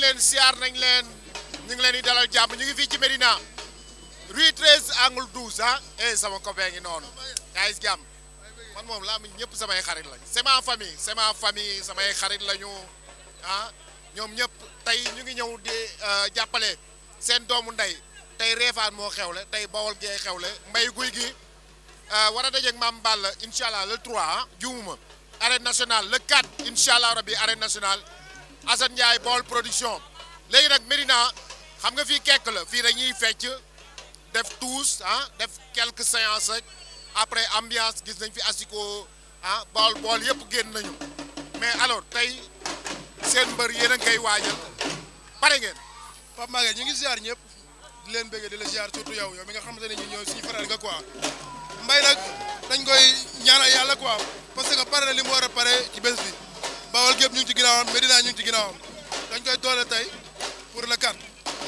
nañ leen siyaar nañ leen ñu ngi leen di dalal jàmm ñu ngi fii ci Médina rue 13 angle 12 ah eh sama copain ngi noonu yaa jàmm man moom laa mi ñëpp samay xarit lañ c'est ma famille c'est ma famille samay xarit lañu ah ñoom ñëpp tey ñu ngi ñëw di euh, jàppale seen doomu ndey tey reefaan moo xewle tey bawol gee xewle mbay guy gi euh, war a dajeeg maam Balla incha allah le 3 ah juumuma arène nationale le 4 incha allah rabbi arène nationale Assane Ndiaye bool production léegi nag Médina xam nga fii kekk la fii dañuy fecc def tous ah def quelque séances rek après ambiance gis nañ fi asiko ah bool bool yëpp génn nañu mais alors tey seen mbër yéen a ngi koy waajal pare ngeen. Pape Maguette ñu ngi ziar ñëpp di leen bëgg di la ziar surtout yow yow mi nga xamante ne ñun ñoo suñu faral nga quoi mbay nag dañ koy ñaanal yàlla quoi parce que pare na li mu a pare ci bés bi. bawal gépp ñu ngi ci ginnaawam Medina ñu ngi ci ginnaawam dañ koy doole tey pour le kat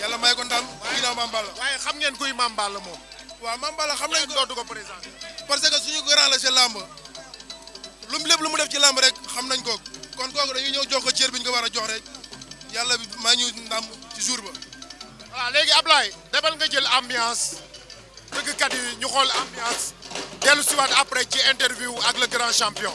yàlla may ko ndam ginnaaw Mame Balla waaye xam ngeen kuy Mame la moom waaw Mame Balla xam nañ dootu ko présenté parce que suñu grand la ci làmb lu mu lépp lu mu def ci làmb rek xam nañ ko kon kooku dañuy ñëw jox ko cër bi ñu ko war a jox rek yàlla bi maa ñu ndam ci jour ba voilà léegi Ablaye demal nga jël ambiance bëggkat yi ñu xool ambiance dellu siwaat après ci interview ak le grand champion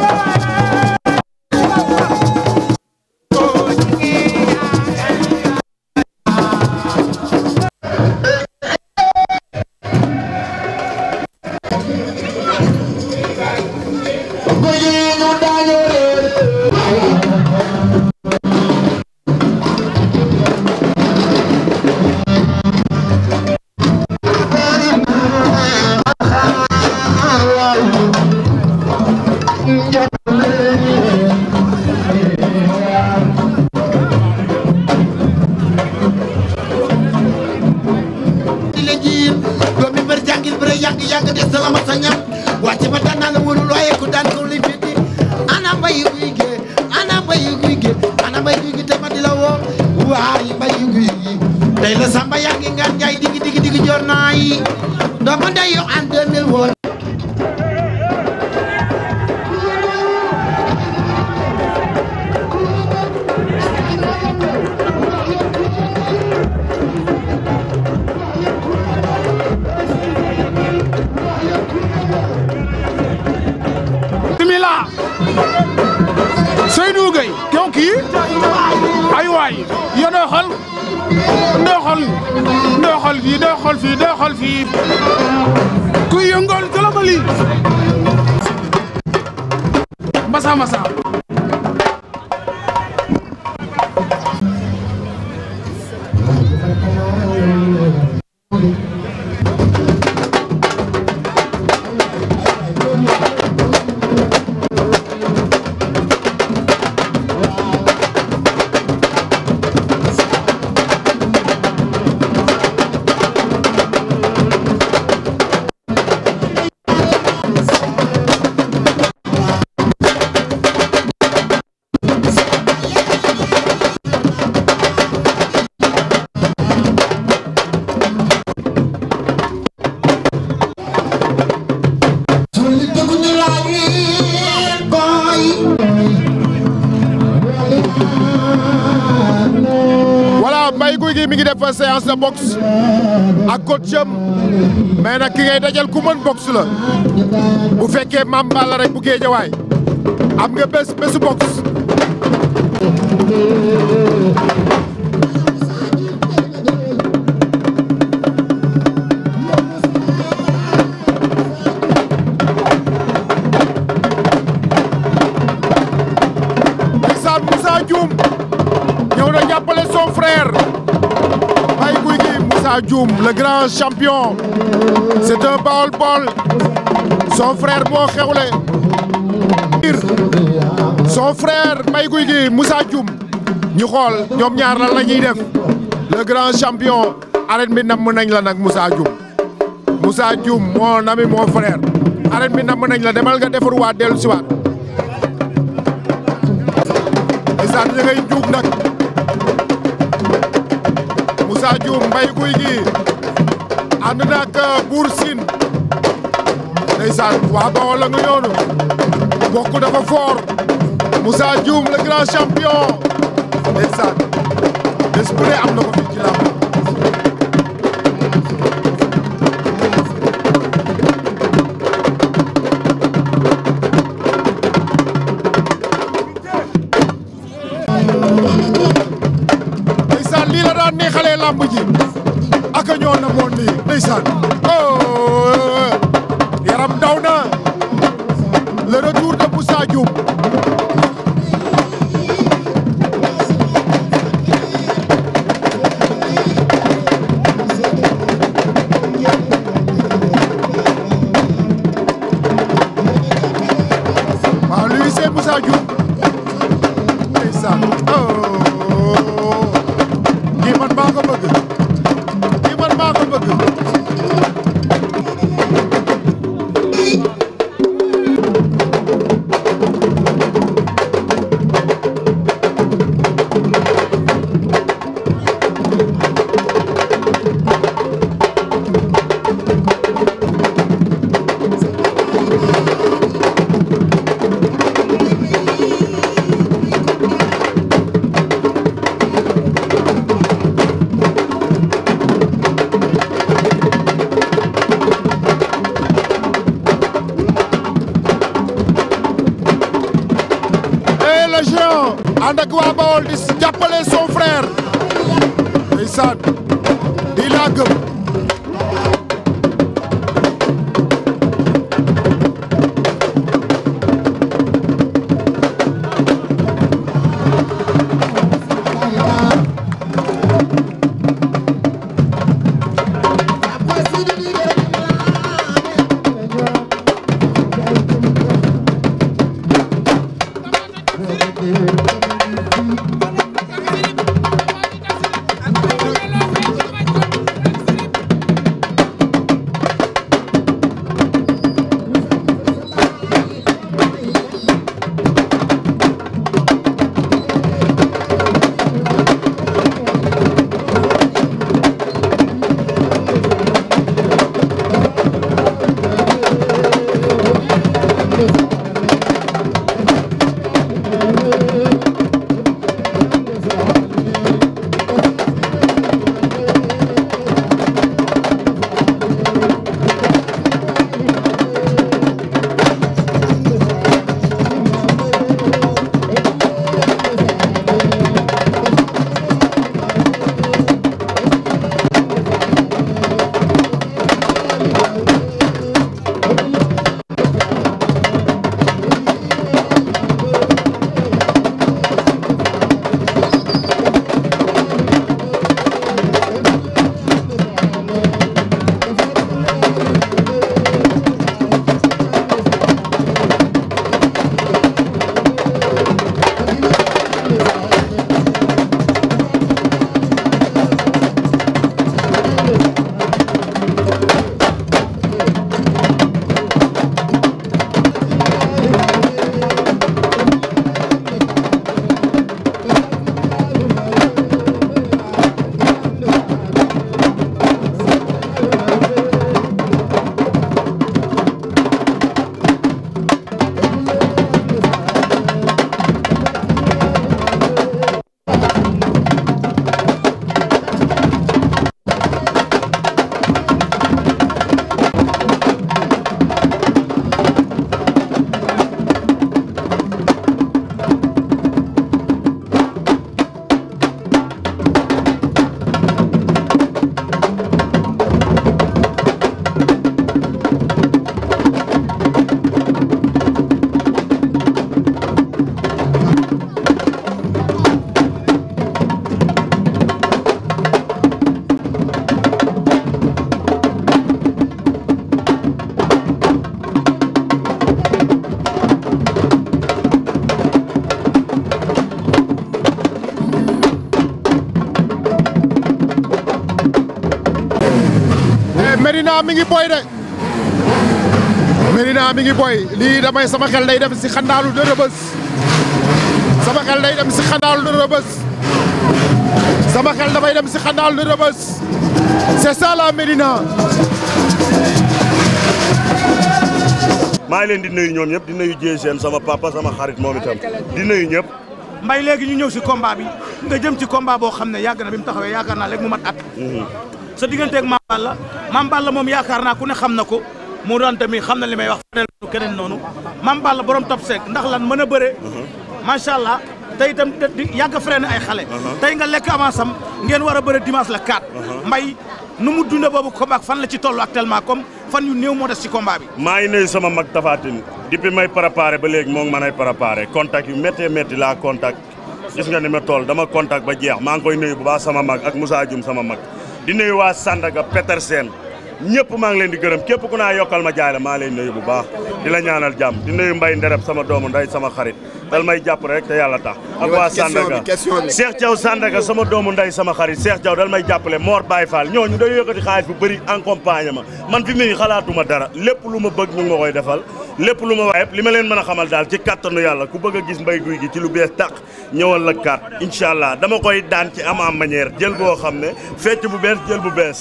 Thank you. doomu ndeyu en 2000 woon Bismillah Seydou Gueye kooku kii waay yo doo xool doo xool doo xool fii doo xool fii doo xool fii ku yëngool global yi mbasa mbasa gi mi ngi def séance de boxe ak coach am mais nag ki ngay dajal ku mën la bu fekkee Mame Balla rek bu Géejawaay am nga bés bésu boxe Moussa Dioum ñëw na jàppale son frère Moussa Dioum le grand champion c'est son frère moo xewle son frère Mbaye Gouy Gui Moussa Dioum ñu xool ñoom ñaar lan la ñuy def le grand champion arène bi namm nañ la nag Moussa Dioum Moussa Dioum mon ami mon frère arène bi namm nañ la demal nga defaruwaat dellu siwaat isaan ña ngay njuug nag Moussa Dioum Mbay Guy gi ànd naag euh, Buur Siin ndeysaan waa Bawol la nga yoonu bokk dafa fort Moussa Dioum le grand champion ndeysaan bés bu ne am na ko fii ci làmb ji ak ñoo na moon nii ndeysaan oh yaram daw na le retour de Moussa Dioum waaw lui c'est Moussa Dioum ndeysaan di laa gëm mi ngi boy de Medina mi ngi boy lii damay sama xel day dem si xandaalu de Rebeuss sama xel dem si xandaalu de Rebeuss sama xel dafay si xandaalu de Rebeuss c'est ça leen di nuyu ñoom ñëpp di nuyu GGM sama papa sama xarit moom itam di nuyu ñëpp. mbay léegi ñu ñëw si combat bi nga jëm ci combat boo xam ne yàgg na bi mu taxawee yaakaar naa léegi mu mat at. Mhm. sa digganteeg Mame Balla Mame Balla moom yaakaar naa ku ne xam na ko mu doon tamit xam na li may wax feneen keneen noonu Mame Balla borom top sec ndax lan mën a bëre mhm. macha allah tey itam di yàgg a freiné ay xale mhm. tey nga lekk avance am ngeen war a bëre dimanche la kaat mhm. mbay nu mu dunda boobu combat fan la ci toll actuellement comme fan yu néew moo des si combat bi maa ngi nuyu sama mag tafaatin depuis may préparé ba léegi moo ngi mën ay préparé yu méttee métti laa contact gis nga ma toll dama contact ba jeex maa ngi koy nuyu bu baax sama mag ak Moussa Dioum sama mag di nuyu waa Sandaga Petersen ñëpp maa ngi leen di gërëm képp ku naa yokkal ma jaay la maa lay nuyu bu baax di la ñaanal jàmm di nuyu mbay ndereb sama doomu nday sama xarit dal may jàpp rek te yàlla tax ak waa Sandaga Cheikh Thiaw Sandaga sama doomu nday sama xarit Cheikh Thiaw dal may jàppale Mor Baye faal ñooñu day yëkkati xaalis bu bëri accompagnement man fi muy xalaatuma dara lépp lu ma bëgg ñu ngi koy defal lépp lu ma wax li ma leen mën a xamal daal ci kàttanu yàlla ku bëgg a gis mbay guy gi ci lu bees tàq ñëwal la kaat incha allah dama koy daan ci ama manière jël boo xam ne fecc bu bees jël bu bees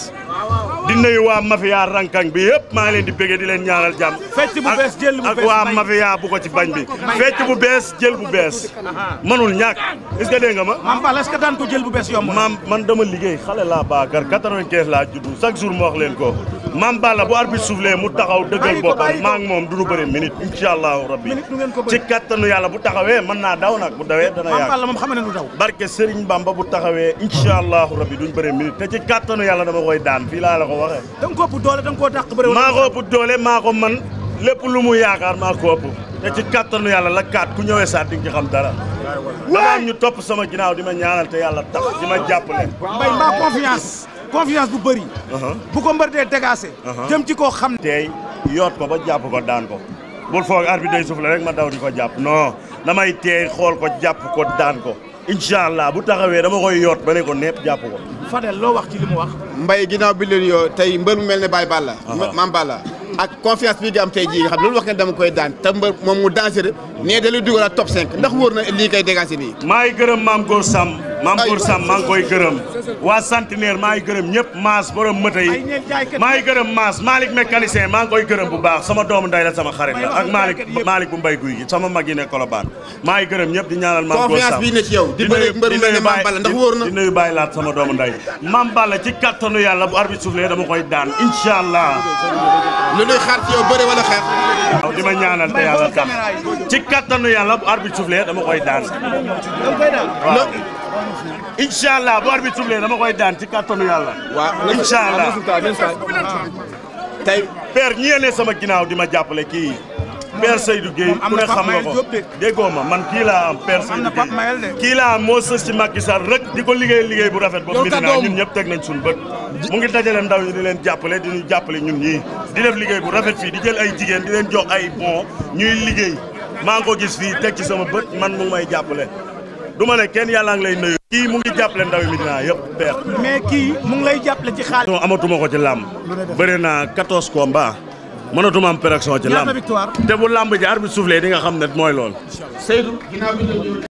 di nuyu waa mafia rankang bi yëpp maa ngi leen di bëggee di leen ñaanal jàmm. fecc bu bees jël ak waa mafia bu ko ci bañ bi. fecc bu bees jël bu bees. mënul ñàkk est-ce nga ma. maam Fall est-ce que daan ko jël bu bees yomb. maam man dama liggéey xale laa baakar 95 laa judd chaque jour ma wax leen ko. maam Balla bu arbitre soufflé mu taxaw dëggal boppam maa ngi moom du ñu bëri minute incha allahu rabbi ci kattanu yàlla bu taxawee mën naa daw nag bu dawee dana yàgg maam Balla moom xam na du daw barke Serigne Bamba bu taxawee incha rabbi duñ waxee. da ko ëpp doole da nga koo dàq bëre. maa ko ëpp doole maa ko man lépp lu mu yaakaar maa ko ëpp. te ci kattanu yàlla la kaat ku ñëwee saat di nga ci xam dara. waaw ñu topp sama ginnaaw di ma ñaanal te yàlla tax di ma jàppale. mbay mbaa confiance. confiance bu bëri. Uh-huh. bu ko mbër dee dégacé. Uh-huh. jëm ci koo xam ne. tey yoot ko ba jàpp ko daan ko. bul foog arbitre day soufflé rek ma daw di ko jàpp noo na may teey xool ko jàpp ko daan ko. incha allah bu taxawee dama koy yoot ba ne ko nepp jàpp ko. Fadel loo wax ci li mu wax. Mbaye ginnaaw bi yoo tey mbër mu mel ne Baye Balla. maam Balla ak confiance bi nga tey jii xam loolu wax nga dama koy daan te mbër moom mu dangereux. nee da dugal ak top 5 ndax wóor na lii kay dégagé nii. maa ngi gërëm maam Gor Samb maam Bour Sam maa ngi koy gërëm waa centenaire maa ngi gërëm ñëpp maas borom mëta yi maa ngi gërëm maas Malick mécanicien maa ngi koy gërëm bu baax sama doomu nday la sama xarit la ak Malick Malick bu mbay guy sama mag yi ne Colobane maa ngi gërëm ñëpp di ñaanal maam Bour Sam confiance bi ne ci yow di bëri mbër mu ne maam Balla ndax wóor na di nuyu bàyyi laat sama doomu nday maam Balla ci kattanu yàlla bu arbitre soufflé dama koy daan inshallah lu ñuy xaar ci yow wala xeex di ma ñaanal te yàlla tax ci kattanu yàlla bu arbitre soufflé dama incha allah bu arbitre bi dama koy daan ci kàttanu yàlla. waaw incha allah tey père ñi yéene sama ginnaaw di ma jàppale kii père Seydou Gueye ku ne xam nga ko déggoo ma man kii laa am père Seydou Gueye kii laa moo sës ci Macky Sall rek di ko liggéey liggéey bu rafet ba Medina ñun ñëpp teg nañ suñu bët mu ngi dajale ndaw ñi di leen jàppale di ñu jàppale ñun ñii di def liggéey bu rafet fii di jël ay jigéen di leen jox ay boo ñuy liggéey maa ngi gis fii teg ci sama bët man mu ngi may kii mu ngi jàppale ndawi Médina yëpp peer mais kii mu ngi lay jàppale ci xaalis. non amatuma ko ci làmb bëri naa 14 combats mënatuma am pression ci làmb te bu làmb ji bi soufflé di nga xam ne mooy lool Seydou